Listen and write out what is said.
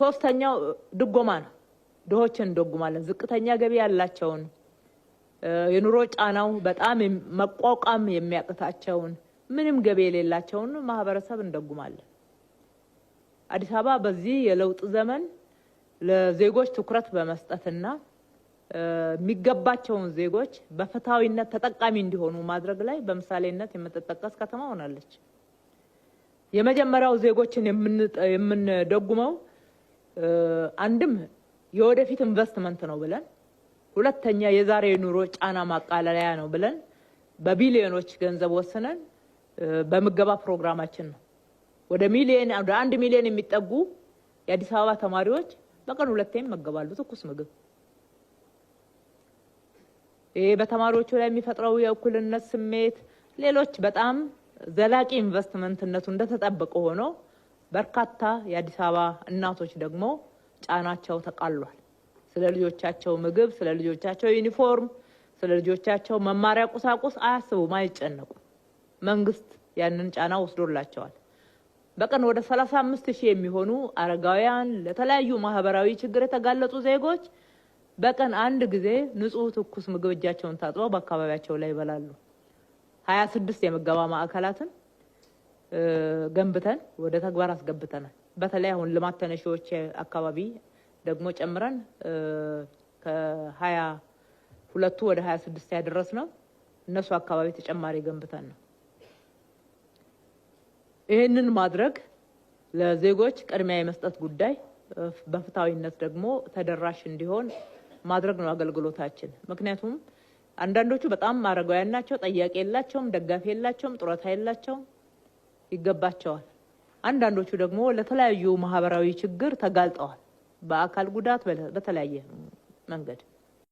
ሶስተኛው ድጎማ ነው። ድሆችን እንደጉማለን። ዝቅተኛ ገቢ ያላቸውን የኑሮ ጫናው በጣም መቋቋም የሚያቅታቸውን ምንም ገቢ የሌላቸውን ማህበረሰብ እንደጉማለን። አዲስ አበባ በዚህ የለውጥ ዘመን ለዜጎች ትኩረት በመስጠትና የሚገባቸውን ዜጎች በፍትሐዊነት ተጠቃሚ እንዲሆኑ ማድረግ ላይ በምሳሌነት የምትጠቀስ ከተማ ሆናለች። የመጀመሪያው ዜጎችን የምንደጉመው አንድም የወደፊት ኢንቨስትመንት ነው ብለን፣ ሁለተኛ የዛሬ ኑሮ ጫና ማቃለለያ ነው ብለን በቢሊዮኖች ገንዘብ ወስነን በምገባ ፕሮግራማችን ነው ወደ ሚሊዮን ወደ አንድ ሚሊዮን የሚጠጉ የአዲስ አበባ ተማሪዎች በቀን ሁለቴ ይመገባሉ ትኩስ ምግብ። ይሄ በተማሪዎቹ ላይ የሚፈጥረው የእኩልነት ስሜት ሌሎች በጣም ዘላቂ ኢንቨስትመንትነቱ እንደተጠበቀ ሆኖ በርካታ የአዲስ አበባ እናቶች ደግሞ ጫናቸው ተቃሏል። ስለ ልጆቻቸው ምግብ፣ ስለ ልጆቻቸው ዩኒፎርም፣ ስለ ልጆቻቸው መማሪያ ቁሳቁስ አያስቡም፣ አይጨነቁም። መንግስት ያንን ጫና ወስዶላቸዋል። በቀን ወደ 35 ሺህ የሚሆኑ አረጋውያን ለተለያዩ ማህበራዊ ችግር የተጋለጡ ዜጎች በቀን አንድ ጊዜ ንጹህ ትኩስ ምግብ እጃቸውን ታጥበው በአካባቢያቸው ላይ ይበላሉ። 26 የምገባ ማዕከላትን ገንብተን ወደ ተግባር አስገብተናል። በተለይ አሁን ልማት ተነሺዎች አካባቢ ደግሞ ጨምረን ከሀያ ሁለቱ ወደ ሀያ ስድስት ያደረስ ነው። እነሱ አካባቢ ተጨማሪ ገንብተን ነው። ይህንን ማድረግ ለዜጎች ቅድሚያ የመስጠት ጉዳይ በፍትሐዊነት ደግሞ ተደራሽ እንዲሆን ማድረግ ነው አገልግሎታችን። ምክንያቱም አንዳንዶቹ በጣም አረጋውያን ናቸው፣ ጠያቂ የላቸውም፣ ደጋፊ የላቸውም፣ ጡረታ የላቸውም። ይገባቸዋል። አንዳንዶቹ ደግሞ ለተለያዩ ማህበራዊ ችግር ተጋልጠዋል፣ በአካል ጉዳት፣ በተለያየ መንገድ